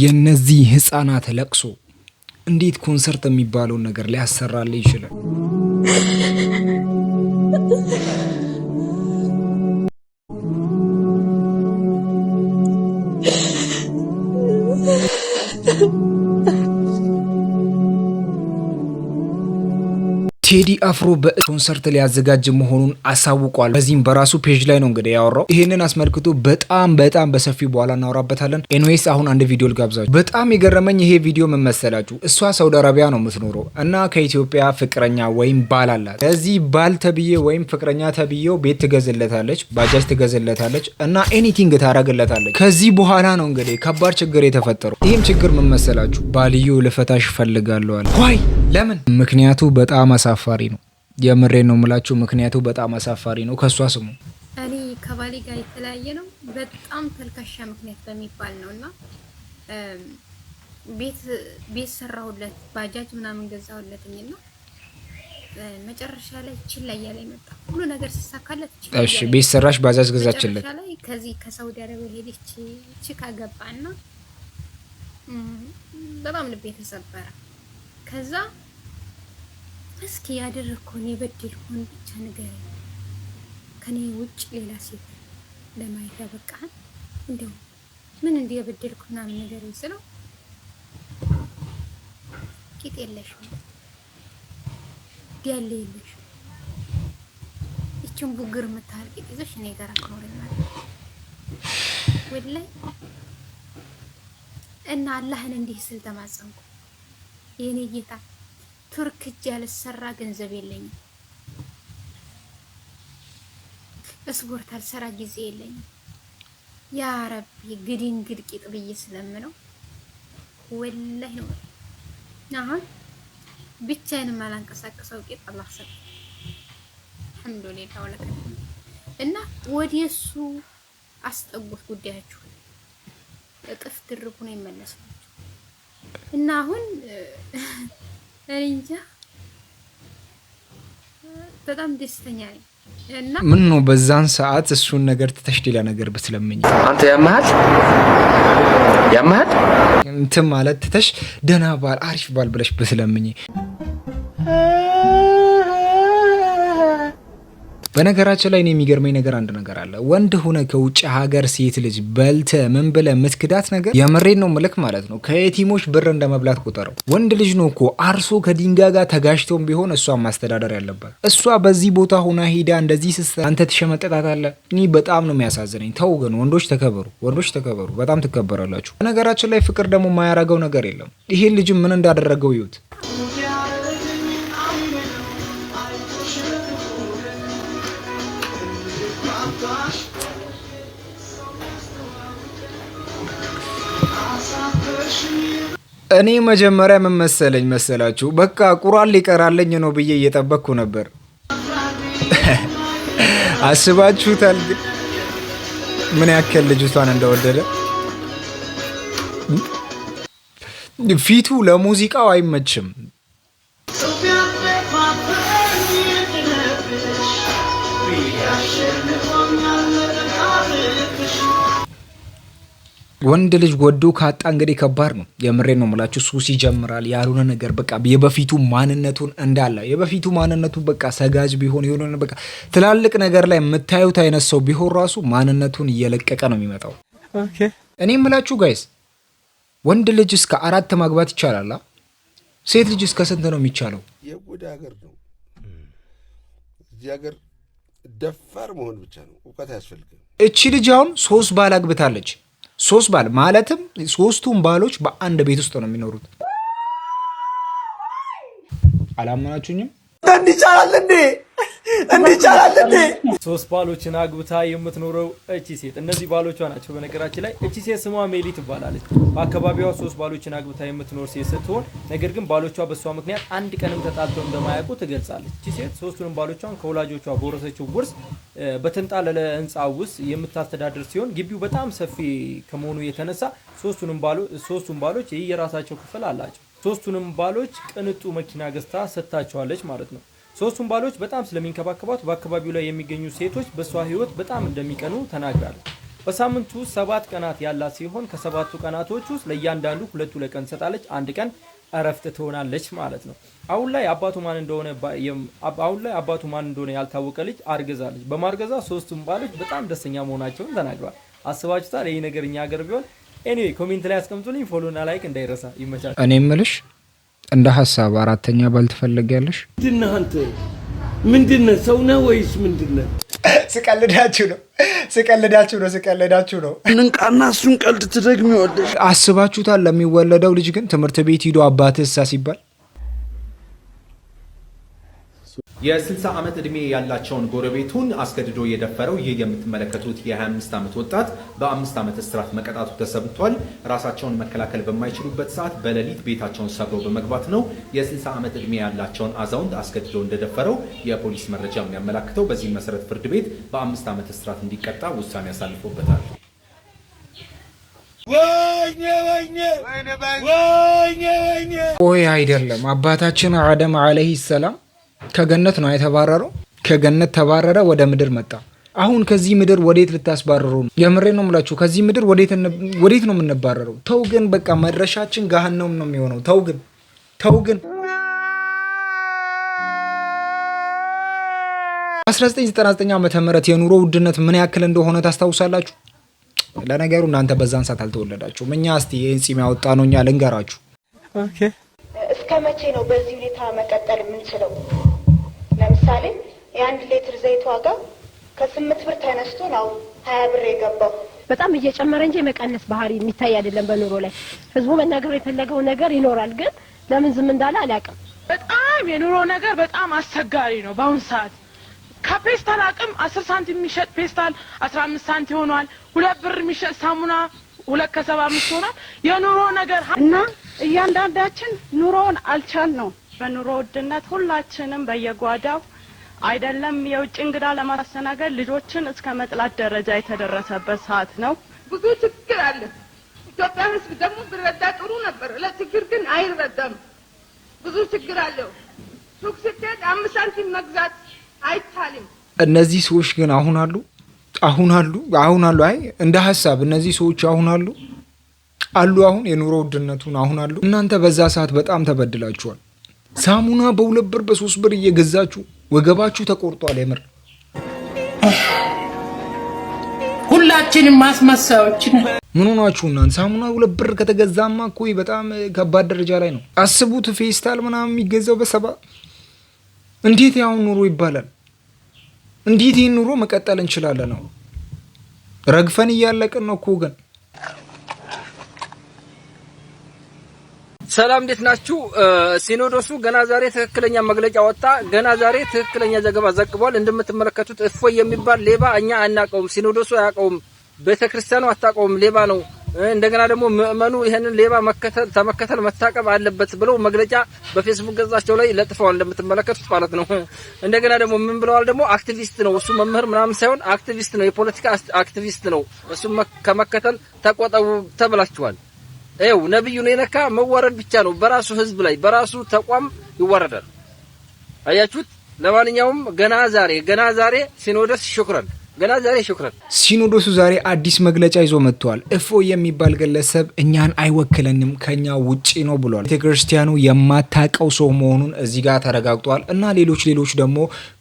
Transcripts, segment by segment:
የነዚህ ህፃናት ለቅሶ እንዴት ኮንሰርት የሚባለውን ነገር ሊያሰራል ይችላል? ቴዲ አፍሮ በኮንሰርት ሊያዘጋጅ መሆኑን አሳውቋል። በዚህም በራሱ ፔጅ ላይ ነው እንግዲህ ያወራው። ይህንን አስመልክቶ በጣም በጣም በሰፊው በኋላ እናወራበታለን። ኤንዌስ አሁን አንድ ቪዲዮ ልጋብዛችሁ። በጣም የገረመኝ ይሄ ቪዲዮ ምን መሰላችሁ? እሷ ሳውዲ አረቢያ ነው የምትኖረው እና ከኢትዮጵያ ፍቅረኛ ወይም ባል አላት። ለዚህ ባል ተብዬ ወይም ፍቅረኛ ተብዬው ቤት ትገዝለታለች፣ ባጃጅ ትገዝለታለች እና ኤኒቲንግ ታደርግለታለች። ከዚህ በኋላ ነው እንግዲህ ከባድ ችግር የተፈጠረው። ይህም ችግር ምን መሰላችሁ? ባልየው ልፈታሽ እፈልጋለሁ ዋይ ለምን? ምክንያቱ በጣም አሳ አሳፋሪ ነው። የምሬ ነው የምላችሁ። ምክንያቱ በጣም አሳፋሪ ነው። ከእሷ ስሙ። እኔ ከባሌ ጋር የተለያየ ነው በጣም ተልካሻ ምክንያት በሚባል ነው እና ቤት ቤት ሰራሁለት፣ ባጃጅ ምናምን ገዛሁለትኝ ና መጨረሻ ላይ ችላ እያለ መጣ። ሁሉ ነገር ሲሳካለት እሺ፣ ቤት ሰራሽ፣ ባጃጅ ገዛችለት። ከዚህ ከሳውዲ አረቢያ ሄደች ገባ ገባና በጣም ልቤ ተሰበረ። ከዛ እስኪ ያደረግኩን የበደልኩን ብቻ ነገር ከኔ ውጭ ሌላ ሴት ለማየት ያበቃል። እንደው ምን እንዲህ የበደልኩ ምናምን ነገር ስለው ቂጥ የለሽም ያለ የለሽ ይችን ቡግር የምታህል ቂጥ ይዘሽ እኔ ጋር አክኖረኛል ወላይ እና አላህን እንዲህ ስል ተማጸንኩ የእኔ ጌታ ቱርክ እጅ ያልሰራ ገንዘብ የለኝም። እስፖርት አልሰራ ጊዜ የለኝም። ያ ረቢ ግድን ግድ ቂጥ ብዬ ስለምነው ወላሂ ነው። አሁን ብቻዬንም አላንቀሳቀሰው ቂጥ አላህ ሰጠኝ። አልሐምዱሊላህ ወለከ እና ወደሱ አስጠጉት ጉዳያችሁ እጥፍ ድርብ ነው ይመለሳል እና አሁን እኔ እንጃ በጣም ደስተኛ ነኝ። እና ምን ነው በዛን ሰዓት እሱን ነገር ትተሽ ሌላ ነገር ብትለምኝ አንተ ያመሃል ያመሃል እንትን ማለት ትተሽ ደህና ባል አሪፍ ባል ብለሽ ብትለምኝ በነገራችን ላይ እኔ የሚገርመኝ ነገር አንድ ነገር አለ። ወንድ ሆነ ከውጭ ሀገር ሴት ልጅ በልተ ምን ብለ ምትክዳት ነገር የምሬን ነው ምልክ ማለት ነው። ከየቲሞች ብር እንደ መብላት ቁጠረው። ወንድ ልጅ ነው እኮ አርሶ ከድንጋይ ጋር ተጋጅቶም ቢሆን እሷ ማስተዳደር ያለበት። እሷ በዚህ ቦታ ሆና ሄዳ እንደዚህ ስስ አንተ አለ። እኔ በጣም ነው የሚያሳዝነኝ። ተው ግን ወንዶች ተከበሩ፣ ወንዶች ተከበሩ። በጣም ትከበራላችሁ። በነገራችን ላይ ፍቅር ደግሞ የማያረገው ነገር የለም። ይሄን ልጅም ምን እንዳደረገው ይዩት። እኔ መጀመሪያ ምን መሰለኝ መሰላችሁ፣ በቃ ቁራን ሊቀራለኝ ነው ብዬ እየጠበቅኩ ነበር። አስባችሁታል ምን ያክል ልጅቷን እንደወደደ? ፊቱ ለሙዚቃው አይመችም። ወንድ ልጅ ወዶ ካጣ እንግዲህ ከባድ ነው። የምሬ ነው የምላችሁ። ሱስ ይጀምራል ያልሆነ ነገር በቃ የበፊቱ ማንነቱን እንዳለ የበፊቱ ማንነቱ በቃ ሰጋጅ ቢሆን የሆነ በቃ ትላልቅ ነገር ላይ የምታዩት አይነት ሰው ቢሆን ራሱ ማንነቱን እየለቀቀ ነው የሚመጣው። እኔ ምላችሁ ጋይስ ወንድ ልጅ እስከ አራት ማግባት ይቻላል። ሴት ልጅ እስከ ስንት ነው የሚቻለው? የወደ ሀገር ነው። እዚህ ሀገር ደፋር መሆን ብቻ ነው፣ እውቀት አያስፈልግም። እቺ ልጅ አሁን ሶስት ባል አግብታለች። ሶስት ባል ማለትም ሶስቱም ባሎች በአንድ ቤት ውስጥ ነው የሚኖሩት። አላመናችሁኝም? እንዲቻላል እንዴ እንዲቻላል እንዴ! ሶስት ባሎችን አግብታ የምትኖረው እቺ ሴት እነዚህ ባሎቿ ናቸው። በነገራችን ላይ እቺ ሴት ስሟ ሜሊ ትባላለች። በአካባቢዋ ሶስት ባሎችን አግብታ የምትኖር ሴት ስትሆን ነገር ግን ባሎቿ በእሷ ምክንያት አንድ ቀንም ተጣልተው እንደማያውቁ ትገልጻለች። እቺ ሴት ሶስቱንም ባሎቿን ከወላጆቿ በወረሰችው ውርስ በተንጣለለ ህንፃ ውስጥ የምታስተዳድር ሲሆን ግቢው በጣም ሰፊ ከመሆኑ የተነሳ ሶስቱንም ባሎች የራሳቸው ክፍል አላቸው። ሶስቱንም ባሎች ቅንጡ መኪና ገዝታ ሰጥታቸዋለች ማለት ነው። ሶስቱን ባሎች በጣም ስለሚንከባከባት በአካባቢው ላይ የሚገኙ ሴቶች በእሷ ህይወት በጣም እንደሚቀኑ ተናግራለች። በሳምንቱ ሰባት ቀናት ያላት ሲሆን ከሰባቱ ቀናቶች ውስጥ ለእያንዳንዱ ሁለቱ ለቀን ቀን ሰጣለች። አንድ ቀን እረፍት ትሆናለች ማለት ነው። አሁን ላይ አባቱ ማን እንደሆነ አሁን ላይ አባቱ ማን እንደሆነ ያልታወቀ ልጅ አርግዛለች። በማርገዛ ሶስቱን ባሎች በጣም ደስተኛ መሆናቸውን ተናግረዋል። አስባችሁታል? ይህ ነገር እኛ ሀገር ቢሆን ኤኒዌይ ኮሜንት ላይ አስቀምጡልኝ። ፎሎና ላይክ እንዳይረሳ። ይመቻል። እኔ ምልሽ እንደ ሀሳብ አራተኛ ባል ትፈልጊያለሽ? ምንድነህ አንተ? ምንድነህ ሰው ነህ ወይስ ምንድነህ? ስቀልዳችሁ ነው ስቀልዳችሁ ነው ስቀልዳችሁ ነው። ንቃና እሱን ቀልድ ትደግሚዋለሽ። አስባችሁታል? ለሚወለደው ልጅ ግን ትምህርት ቤት ሂዶ አባትህ እሳ ሲባል የ60 ዓመት ዕድሜ ያላቸውን ጎረቤቱን አስገድዶ የደፈረው ይህ የምትመለከቱት የ25 ዓመት ወጣት በአምስት ዓመት እስራት መቀጣቱ ተሰምቷል። ራሳቸውን መከላከል በማይችሉበት ሰዓት በሌሊት ቤታቸውን ሰብረው በመግባት ነው የ60 ዓመት ዕድሜ ያላቸውን አዛውንት አስገድዶ እንደደፈረው የፖሊስ መረጃ የሚያመላክተው። በዚህ መሰረት ፍርድ ቤት በአምስት ዓመት እስራት እንዲቀጣ ውሳኔ አሳልፎበታል። ወይ አይደለም አባታችን አደም አለይሂ ሰላም ከገነት ነው የተባረረው። ከገነት ተባረረ፣ ወደ ምድር መጣ። አሁን ከዚህ ምድር ወዴት ልታስባረሩ ነው? የምሬ ነው ምላችሁ። ከዚህ ምድር ወዴት ነው የምንባረረው? ተው ግን በቃ መድረሻችን ገሃነም ነው የሚሆነው። ተው ግን ተው ግን 1999 ዓመተ ምህረት የኑሮ ውድነት ምን ያክል እንደሆነ ታስታውሳላችሁ? ለነገሩ እናንተ በዛን ሰዓት አልተወለዳችሁም። እኛ እስቲ ይህን ፂም ያወጣ ነው እኛ ልንገራችሁ። እስከ መቼ ነው በዚህ ሁኔታ መቀጠል የምንችለው? ለምሳሌ የአንድ ሌትር ዘይት ዋጋ ከስምንት ብር ተነስቶ ነው ሀያ ብር የገባው። በጣም እየጨመረ እንጂ የመቀነስ ባህሪ የሚታይ አይደለም። በኑሮ ላይ ህዝቡ መናገሩ የፈለገው ነገር ይኖራል። ግን ለምን ዝም እንዳለ አላውቅም። በጣም የኑሮ ነገር በጣም አስቸጋሪ ነው በአሁን ሰዓት። ከፔስታል አቅም አስር ሳንቲም የሚሸጥ ፔስታል አስራ አምስት ሳንቲም ሆኗል። ሁለት ብር የሚሸጥ ሳሙና ሁለት ከሰባ አምስት ሆኗል። የኑሮ ነገር እና እያንዳንዳችን ኑሮውን አልቻል ነው በኑሮ ውድነት ሁላችንም በየጓዳው አይደለም የውጭ እንግዳ ለማስተናገድ ልጆችን እስከ መጥላት ደረጃ የተደረሰበት ሰዓት ነው። ብዙ ችግር አለ። ኢትዮጵያ ሕዝብ ደግሞ ብረዳ ጥሩ ነበር። ለችግር ግን አይረዳም። ብዙ ችግር አለው። ሱቅ ስትሄድ አምስት ሳንቲም መግዛት አይቻልም። እነዚህ ሰዎች ግን አሁን አሉ አሁን አሉ አሁን አሉ። አይ እንደ ሀሳብ እነዚህ ሰዎች አሁን አሉ አሉ አሁን የኑሮ ውድነቱን አሁን አሉ። እናንተ በዛ ሰዓት በጣም ተበድላችኋል። ሳሙና በሁለት ብር በሶስት ብር እየገዛችሁ ወገባችሁ ተቆርጧል። የምር ሁላችንም ማስመሳዮች ነን። ምን እናንተ? ሳሙና ሁለት ብር ከተገዛማ እኮ በጣም ከባድ ደረጃ ላይ ነው። አስቡት፣ ፌስታል ምናምን የሚገዛው በሰባ እንዴት ያሁን ኑሮ ይባላል? እንዴት ይህን ኑሮ መቀጠል እንችላለን? ነው ረግፈን እያለቅን ነው እኮ ግን ሰላም እንዴት ናችሁ? ሲኖዶሱ ገና ዛሬ ትክክለኛ መግለጫ ወጣ። ገና ዛሬ ትክክለኛ ዘገባ ዘግቧል። እንደምትመለከቱት እፎይ የሚባል ሌባ እኛ አናቀውም፣ ሲኖዶሱ አያቀውም፣ ቤተክርስቲያኑ አታቀውም፣ ሌባ ነው። እንደገና ደግሞ ምእመኑ ይህንን ሌባ መከተል ተመከተል መታቀብ አለበት ብለው መግለጫ በፌስቡክ ገጻቸው ላይ ለጥፈዋል፣ እንደምትመለከቱት ማለት ነው። እንደገና ደግሞ ምን ብለዋል? ደግሞ አክቲቪስት ነው እሱ መምህር ምናምን ሳይሆን አክቲቪስት ነው፣ የፖለቲካ አክቲቪስት ነው። እሱም ከመከተል ተቆጠቡ ተብላችኋል። ይኸው ነብዩን የነካ መዋረድ ብቻ ነው። በራሱ ህዝብ ላይ በራሱ ተቋም ይዋረዳል። አያችሁት? ለማንኛውም ገና ዛሬ ገና ዛሬ ሲኖደስ ሽኩረን ገና ዛሬ ሽኩረን ሲኖዶሱ ዛሬ አዲስ መግለጫ ይዞ መጥቷል። እፎይ የሚባል ግለሰብ እኛን አይወክለንም ከኛ ውጪ ነው ብሏል። ቤተክርስቲያኑ የማታቀው ሰው መሆኑን እዚህ ጋር ተረጋግጧል። እና ሌሎች ሌሎች ደግሞ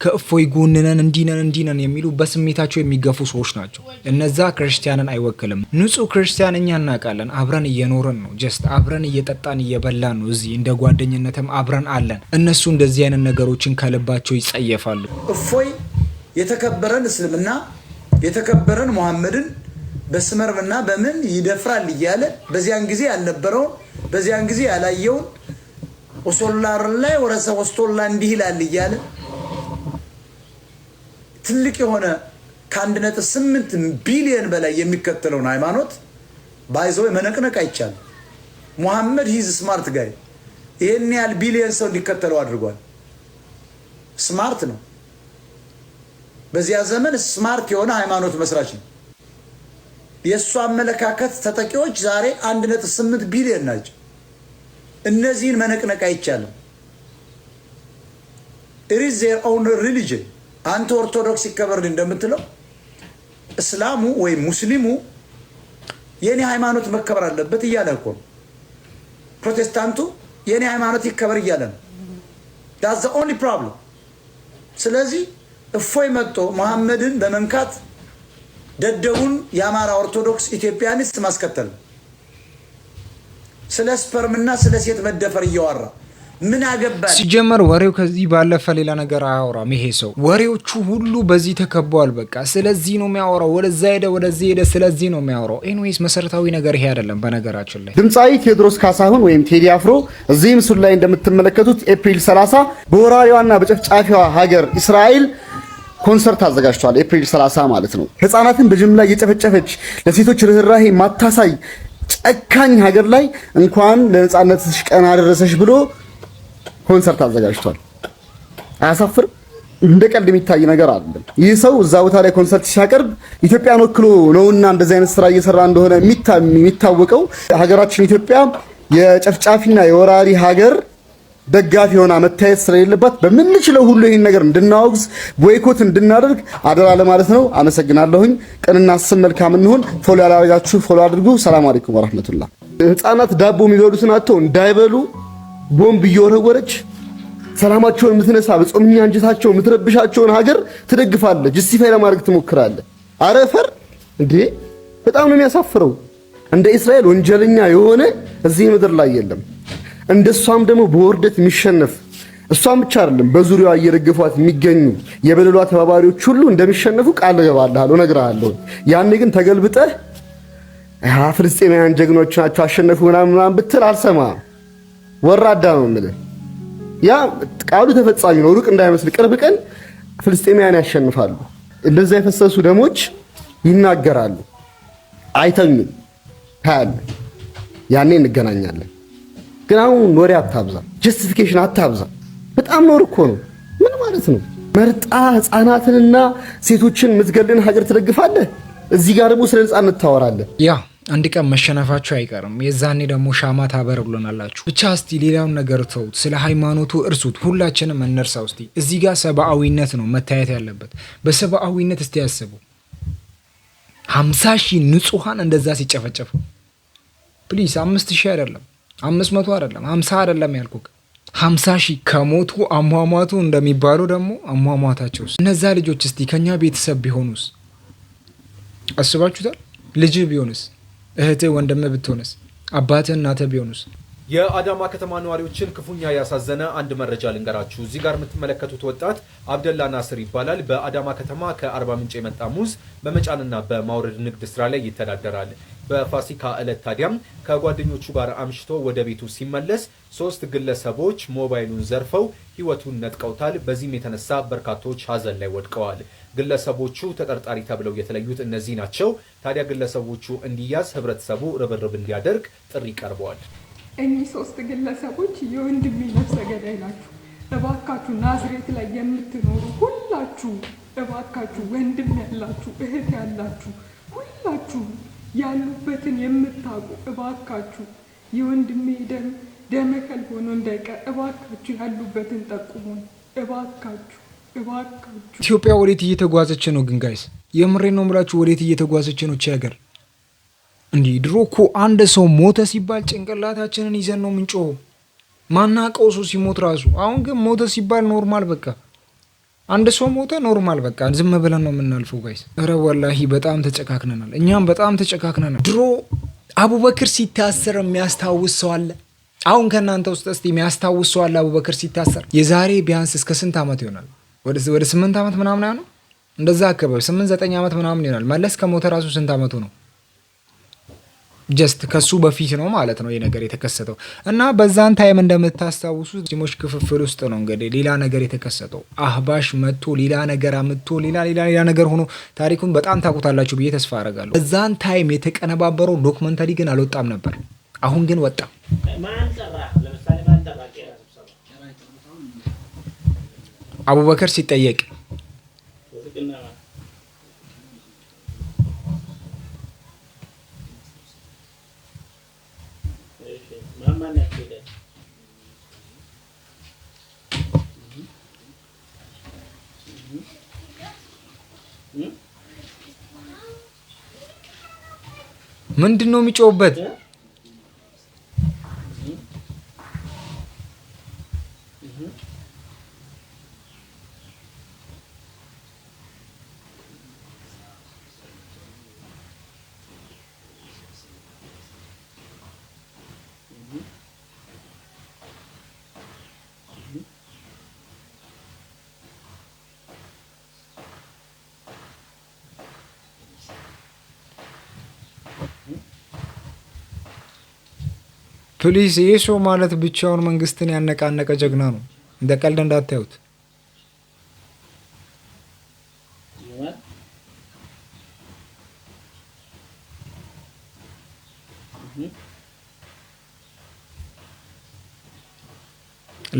ከእፎይ ጎንነን እንዲነን እንዲነን የሚሉ በስሜታቸው የሚገፉ ሰዎች ናቸው። እነዛ ክርስቲያንን አይወክልም። ንጹህ ክርስቲያን እኛ እናውቃለን። አብረን እየኖረን ነው። ጀስት አብረን እየጠጣን እየበላን ነው። እዚህ እንደ ጓደኝነትም አብረን አለን። እነሱ እንደዚህ አይነት ነገሮችን ከልባቸው ይጸየፋሉ። እፎይ የተከበረን እስልምና የተከበረን መሐመድን በስመርምና በምን ይደፍራል እያለ በዚያን ጊዜ ያልነበረውን በዚያን ጊዜ ያላየውን ኦሶላር ላይ ወረሰ ወስቶላ እንዲህ ይላል እያለ ትልቅ የሆነ ከአንድ ነጥብ ስምንት ቢሊዮን በላይ የሚከተለውን ሃይማኖት ባይዘው መነቅነቅ አይቻልም። ሙሐመድ ሂዝ ስማርት ጋይ ይህን ያህል ቢሊዮን ሰው እንዲከተለው አድርጓል። ስማርት ነው። በዚያ ዘመን ስማርት የሆነ ሃይማኖት መስራች ነው። የእሱ አመለካከት ተጠቂዎች ዛሬ አንድ ነጥብ ስምንት ቢሊዮን ናቸው። እነዚህን መነቅነቅ አይቻልም። ኢዝ ዜር ኦውን ሪሊጅን አንተ ኦርቶዶክስ ይከበርል እንደምትለው እስላሙ ወይም ሙስሊሙ የእኔ ሃይማኖት መከበር አለበት እያለ እኮ ነው። ፕሮቴስታንቱ የእኔ ሃይማኖት ይከበር እያለ ነው። ዳትስ ዘ ኦንሊ ፕሮብለም ስለዚህ እፎይ መጥቶ መሐመድን በመንካት ደደቡን የአማራ ኦርቶዶክስ ኢትዮጵያኒስት ማስከተል ስለ ስፐርምና ስለ ሴት መደፈር እያወራ ምን አገባል? ሲጀመር ወሬው ከዚህ ባለፈ ሌላ ነገር አያወራም። ይሄ ሰው ወሬዎቹ ሁሉ በዚህ ተከቧል። በቃ ስለዚህ ነው የሚያወራው። ወደዛ ሄደ፣ ወደዚህ ሄደ፣ ስለዚህ ነው የሚያወራው። ኤኒዌይስ መሰረታዊ ነገር ይሄ አይደለም። በነገራችን ላይ ድምፃዊ ቴዎድሮስ ካሳሁን ወይም ቴዲ አፍሮ እዚህ ምስሉ ላይ እንደምትመለከቱት ኤፕሪል 30 በወራሪዋና በጨፍጫፊዋ ሀገር እስራኤል ኮንሰርት አዘጋጅቷል። ኤፕሪል 30 ማለት ነው። ህፃናትን በጅምላ እየጨፈጨፈች ለሴቶች ርኅራሄ ማታሳይ ጨካኝ ሀገር ላይ እንኳን ለነፃነትሽ ቀን አደረሰሽ ብሎ ኮንሰርት አዘጋጅቷል። አያሳፍርም? እንደ ቀልድ የሚታይ ነገር አይደለም። ይህ ሰው እዛ ቦታ ላይ ኮንሰርት ሲያቀርብ ኢትዮጵያን ወክሎ ነውና እንደዚህ አይነት ስራ እየሰራ እንደሆነ የሚታወቀው ሀገራችን ኢትዮጵያ የጨፍጫፊና የወራሪ ሀገር ደጋፊ የሆነ መታየት ስለሌለባት በምንችለው ሁሉ ይህን ነገር እንድናወግዝ ቦይኮት እንድናደርግ አደራ ለማለት ነው። አመሰግናለሁኝ። ቅንና ስም መልካም እንሆን። ፎሎ ያላረጋችሁ ፎሎ አድርጉ። ሰላም አለይኩም ወራህመቱላህ። ህፃናት ዳቦ የሚበሉትን አጥተው እንዳይበሉ ቦምብ እየወረወረች ሰላማቸውን የምትነሳ በጾምኛ እንጀታቸው የምትረብሻቸውን ሀገር ትደግፋለ፣ ጅስቲፋይ ለማድረግ ትሞክራለ። አረፈር እንዴ! በጣም ነው የሚያሳፍረው። እንደ እስራኤል ወንጀለኛ የሆነ እዚህ ምድር ላይ የለም። እንደሷም ደግሞ በውርደት የሚሸነፍ እሷም ብቻ አይደለም፣ በዙሪያዋ እየደገፏት የሚገኙ የበደሏ ተባባሪዎች ሁሉ እንደሚሸነፉ ቃል እገባልሃለሁ፣ እነግርሃለሁ። ያኔ ግን ተገልብጠህ ፍልስጤማውያን ጀግኖች ናቸው አሸነፉ ምናምን ምናምን ብትል አልሰማም ወራዳ ነው የምልህ። ያ ቃሉ ተፈጻሚ ነው፣ ሩቅ እንዳይመስል። ቅርብ ቀን ፍልስጤማውያን ያሸንፋሉ። እንደዛ የፈሰሱ ደሞች ይናገራሉ። አይተኙም። ታያለህ። ያኔ እንገናኛለን። ግን አሁን ወሬ አታብዛ፣ ጀስቲፊኬሽን አታብዛ። በጣም ኖር እኮ ነው። ምን ማለት ነው? መርጣ ህፃናትንና ሴቶችን ምዝገልን ሀገር ትደግፋለህ። እዚህ ጋር ደግሞ ስለ ነጻነት ታወራለህ። ያ አንድ ቀን መሸነፋችሁ አይቀርም። የዛኔ ደግሞ ሻማ ታበር ብሎናላችሁ። ብቻ እስቲ ሌላውን ነገር ተውት፣ ስለ ሃይማኖቱ እርሱት፣ ሁላችንም እንርሳው። እስቲ እዚህ ጋር ሰብአዊነት ነው መታየት ያለበት። በሰብአዊነት እስቲ ያስቡ፣ ሀምሳ ሺህ ንጹሐን እንደዛ ሲጨፈጨፉ። ፕሊስ አምስት ሺህ አይደለም አምስት መቶ አይደለም ሀምሳ አይደለም ያልኩህ ሀምሳ ሺህ ከሞቱ አሟሟቱ እንደሚባለው ደግሞ አሟሟታቸውስ እነዛ ልጆች እስቲ ከኛ ቤተሰብ ቢሆኑስ አስባችሁታል? ልጅህ ቢሆንስ? እህትህ ወንድምህ ብትሆንስ? አባትህ እናትህ ቢሆኑስ? የአዳማ ከተማ ነዋሪዎችን ክፉኛ ያሳዘነ አንድ መረጃ ልንገራችሁ። እዚህ ጋር የምትመለከቱት ወጣት አብደላ ናስር ይባላል። በአዳማ ከተማ ከአርባ ምንጭ የመጣ ሙዝ በመጫንና በማውረድ ንግድ ስራ ላይ ይተዳደራል። በፋሲካ ዕለት ታዲያም ከጓደኞቹ ጋር አምሽቶ ወደ ቤቱ ሲመለስ ሶስት ግለሰቦች ሞባይሉን ዘርፈው ሕይወቱን ነጥቀውታል። በዚህም የተነሳ በርካቶች ሀዘን ላይ ወድቀዋል። ግለሰቦቹ ተጠርጣሪ ተብለው የተለዩት እነዚህ ናቸው። ታዲያ ግለሰቦቹ እንዲያዝ ህብረተሰቡ ርብርብ እንዲያደርግ ጥሪ ቀርበዋል። እኚህ ሶስት ግለሰቦች የወንድሜ ነፍሰ ገዳይ ናችሁ። እባካችሁ ናዝሬት ላይ የምትኖሩ ሁላችሁ እባካችሁ ወንድም ያላችሁ እህት ያላችሁ ሁላችሁ ያሉበትን የምታውቁ እባካችሁ የወንድሜ ደም ደመከል ሆኖ እንዳይቀር እባካችሁ ያሉበትን ጠቁሙን። እባካችሁ እባካችሁ። ኢትዮጵያ ወዴት እየተጓዘች ነው? ግን ጋይስ የምሬ ነው ምላችሁ፣ ወዴት እየተጓዘች ነው ቺ ሀገር? እንዲህ ድሮ እኮ አንድ ሰው ሞተ ሲባል ጭንቅላታችንን ይዘን ነው ምንጮ? ማናቀው ሰው ሲሞት ራሱ። አሁን ግን ሞተ ሲባል ኖርማል በቃ አንድ ሰው ሞተ ኖርማል በቃ ዝም ብለን ነው የምናልፈው። ጋይስ እረ ወላሂ በጣም ተጨካክነናል፣ እኛም በጣም ተጨካክነናል። ድሮ አቡበክር ሲታሰር የሚያስታውስ ሰው አለ? አሁን ከእናንተ ውስጥ እስቲ የሚያስታውስ ሰው አለ? አቡበክር ሲታሰር የዛሬ ቢያንስ እስከ ስንት ዓመት ይሆናል? ወደ ስምንት ዓመት ምናምን ነው እንደዛ አካባቢ ስምንት ዘጠኝ ዓመት ምናምን ይሆናል። መለስ ከሞተ ራሱ ስንት ዓመቱ ነው? ጀስት ከሱ በፊት ነው ማለት ነው ይህ ነገር የተከሰተው እና በዛን ታይም እንደምታስታውሱት ሙስሊሞች ክፍፍል ውስጥ ነው እንግዲህ ሌላ ነገር የተከሰተው። አህባሽ መጥቶ ሌላ ነገር አምጥቶ ሌላ ሌላ ሌላ ነገር ሆኖ ታሪኩን በጣም ታውቁታላችሁ ብዬ ተስፋ አደርጋለሁ። በዛን ታይም የተቀነባበረው ዶክመንተሪ ግን አልወጣም ነበር። አሁን ግን ወጣ። አቡበከር ሲጠየቅ ምንድን ነው የሚጮውበት? ፕሊስ ይህ ሰው ማለት ብቻውን መንግስትን ያነቃነቀ ጀግና ነው። እንደ ቀልድ እንዳታዩት።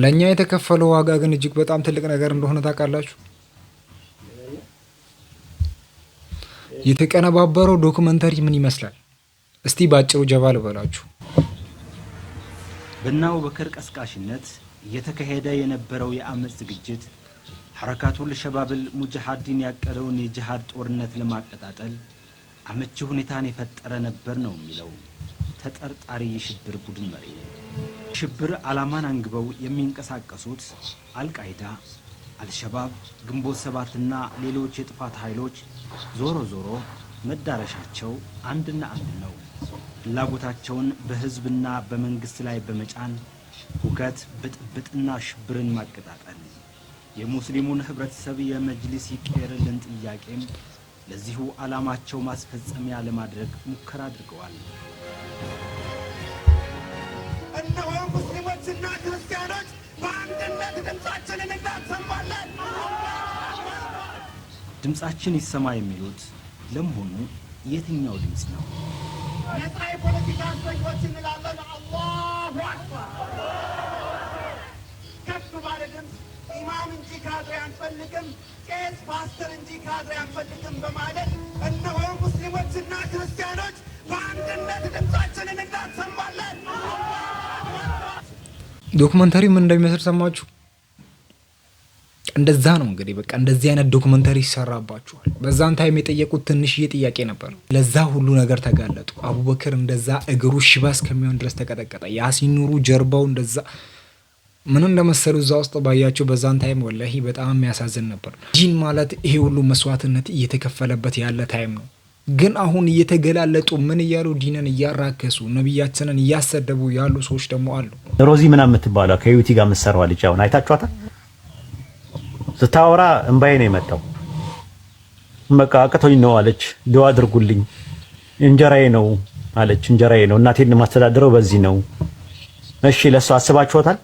ለእኛ የተከፈለው ዋጋ ግን እጅግ በጣም ትልቅ ነገር እንደሆነ ታውቃላችሁ። የተቀነባበረው ዶክመንተሪ ምን ይመስላል? እስቲ ባጭሩ ጀባ ልበላችሁ። በእነ ቀስቃሽነት እየተካሄደ የነበረው የአመፅ ዝግጅት ሐረካቱ ሸባብል ሙጃሃዲን ያቀደውን የጅሃድ ጦርነት ለማቀጣጠል አመቺ ሁኔታን የፈጠረ ነበር ነው የሚለው ተጠርጣሪ የሽብር ቡድን መሪ። ሽብር ዓላማን አንግበው የሚንቀሳቀሱት አልቃይዳ፣ አልሸባብ፣ ግንቦት ሰባትና ሌሎች የጥፋት ኃይሎች ዞሮ ዞሮ መዳረሻቸው አንድና አንድ ነው። ፍላጎታቸውን በህዝብና በመንግስት ላይ በመጫን ሁከት፣ ብጥብጥና ሽብርን ማቀጣጠል የሙስሊሙን ህብረተሰብ የመጅሊስ ይቀየርልን ጥያቄም ለዚሁ ዓላማቸው ማስፈጸሚያ ለማድረግ ሙከራ አድርገዋል። እነሆ ሙስሊሞችና ክርስቲያኖች በአንድነት ድምፃችንን እናሰማለን። ድምፃችን ይሰማ የሚሉት ለመሆኑ የትኛው ድምፅ ነው? ነፃ የፖለቲካ እስረኞች እንላለን። አላሁ አክበር። ከፍ ባለ ድምፅ ኢማም እንጂ ካድሬ አንፈልግም፣ ቄስ ፓስተር እንጂ ካድሬ አንፈልግም በማለት እነሆ ሙስሊሞችና ክርስቲያኖች በአንድነት ድምፃችንን እናሰማለን። ዶክመንተሪ ምን እንደሚመስል ሰማችሁ? እንደዛ ነው እንግዲህ በቃ እንደዚህ አይነት ዶክመንተሪ ይሰራባችኋል። በዛን ታይም የጠየቁት ትንሽዬ ጥያቄ ነበር። ለዛ ሁሉ ነገር ተጋለጡ። አቡበክር እንደዛ እግሩ ሽባ እስከሚሆን ድረስ ተቀጠቀጠ። ያሲን ኑሩ ጀርባው እንደዛ ምን እንደመሰሉ እዛ ውስጥ ባያቸው በዛን ታይም ወላሂ በጣም የሚያሳዝን ነበር። ዲን ማለት ይሄ ሁሉ መስዋዕትነት እየተከፈለበት ያለ ታይም ነው። ግን አሁን እየተገላለጡ ምን እያሉ ዲንን እያራከሱ ነቢያችንን እያሰደቡ ያሉ ሰዎች ደግሞ አሉ። ሮዚ ምናምን የምትባለው ከዩቲ ጋር የምትሰራዋ ልጅ አሁን አይታችኋታል። ስታወራ እምባዬ ነው የመጣው። በቃ አቅቶኝ ነው አለች። ዱአ አድርጉልኝ እንጀራዬ ነው አለች። እንጀራዬ ነው እናቴን ማስተዳደረው በዚህ ነው። እሺ ለእሷ አስባችሁታል?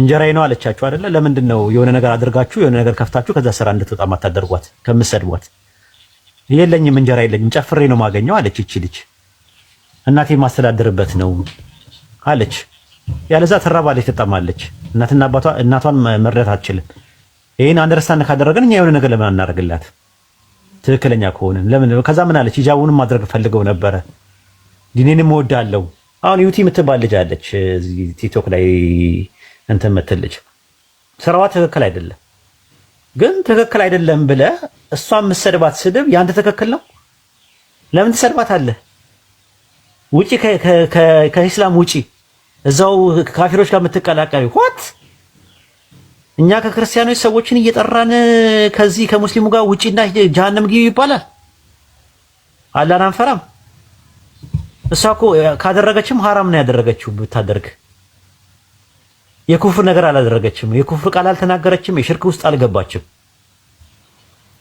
እንጀራዬ ነው አለቻችሁ አይደለ? ለምንድን ነው የሆነ ነገር አድርጋችሁ የሆነ ነገር ከፍታችሁ ከዛ ስራ እንድትወጣ ማታደርጓት? ከምትሰድቧት የለኝም እንጀራ የለኝም ጨፍሬ ነው ማገኘው አለች። እቺ ልጅ እናቴን ማስተዳድርበት ነው አለች። ያለዛ ትራባለች፣ ትጠማለች። እናትና አባቷ እናቷን መርዳት አትችልም። ይህን አንደርስታንድ ካደረገን እኛ የሆነ ነገር ለምን አናደርግላት? ትክክለኛ ከሆነ ለምን ከዛ ምን አለች? ሂጃቡንም ማድረግ ፈልገው ነበረ ዲኔንም እወዳለሁ። አሁን ዩቲ የምትባል ልጅ አለች ቲክቶክ ላይ እንትን የምትል ልጅ ስራዋ ትክክል አይደለም፣ ግን ትክክል አይደለም ብለ እሷ የምትሰድባት ስድብ ያንተ ትክክል ነው። ለምን ትሰድባት አለ ውጪ ከኢስላም ውጪ እዛው ካፊሮች ጋር የምትቀላቀሉ እኛ ከክርስቲያኖች ሰዎችን እየጠራን ከዚህ ከሙስሊሙ ጋር ውጪና ጀሀነም ግቢ ይባላል። አላን አንፈራም። እሷ እኮ ካደረገችም ሀራም ነው ያደረገችው። ብታደርግ የኩፍር ነገር አላደረገችም። የኩፍር ቃል አልተናገረችም። የሽርክ ውስጥ አልገባችም።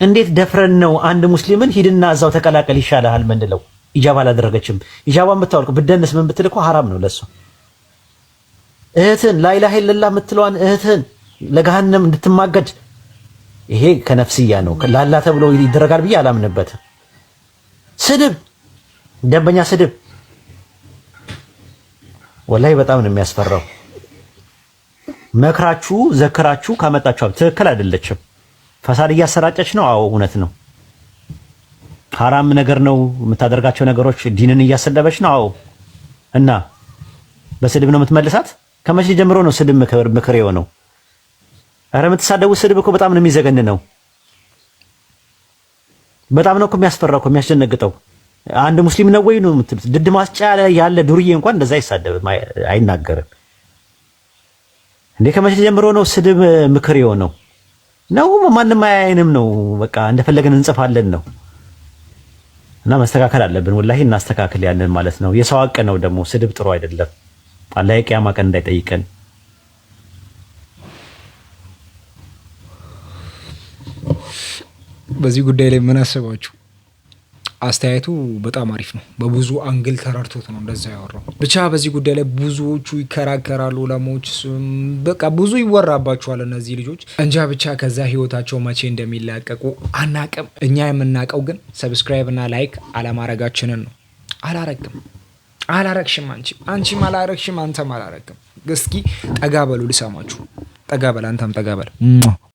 እንዴት ደፍረን ነው አንድ ሙስሊምን ሂድና እዛው ተቀላቀል ይሻልሃል ምንለው? ኢጃባ አላደረገችም። ኢጃባን ብታወልቅ ብደንስ ምን ብትል እኮ ሀራም ነው ለሷ። እህትን ላይላህ ኢለላህ የምትለዋን እህትን ለገሃነም እንድትማገድ ይሄ ከነፍስያ ነው ላላ ተብሎ ይደረጋል ብዬ አላምንበትም። ስድብ፣ ደንበኛ ስድብ ወላይ በጣም ነው የሚያስፈራው። መክራችሁ ዘክራችሁ ካመጣችሁ ትክክል አይደለችም። ፈሳድ እያሰራጨች ነው። አዎ እውነት ነው። ሐራም ነገር ነው የምታደርጋቸው ነገሮች፣ ዲንን እያሰለበች ነው። አዎ እና በስድብ ነው የምትመልሳት። ከመቼ ጀምሮ ነው ስድብ ምክር የሆነው? ኧረ የምትሳደቡት ስድብ እኮ በጣም ነው የሚዘገን ነው። በጣም ነው እኮ የሚያስፈራው እኮ የሚያስደነግጠው። አንድ ሙስሊም ነው ወይ ነው የምትሉት? ድድ ማስጫ ያለ ዱርዬ እንኳን እንደዛ አይሳደብም፣ አይናገርም። እንዴ ከመቼ ጀምሮ ነው ስድብ ምክር የሆነው? ነው ማንም አያየንም ነው በቃ እንደፈለገን እንጽፋለን ነው። እና መስተካከል አለብን። ወላሂ እናስተካክል ያለን ማለት ነው። የሰው አቅ ነው ደግሞ ስድብ ጥሩ አይደለም። አላህ የቂያማ ቀን እንዳይጠይቀን በዚህ ጉዳይ ላይ ምን አስባችሁ? አስተያየቱ በጣም አሪፍ ነው። በብዙ አንግል ተረድቶት ነው እንደዛ ያወራው። ብቻ በዚህ ጉዳይ ላይ ብዙዎቹ ይከራከራሉ። ለሞች በቃ ብዙ ይወራባቸዋል እነዚህ ልጆች እንጃ። ብቻ ከዛ ህይወታቸው መቼ እንደሚላቀቁ አናቅም። እኛ የምናውቀው ግን ሰብስክራይብ እና ላይክ አለማረጋችንን ነው። አላረግም፣ አላረግሽም፣ አንቺ አንቺም አላረግሽም፣ አንተም አላረግም። እስኪ ጠጋ በሉ ልሰማችሁ። ጠጋ በል፣ አንተም ጠጋ በል።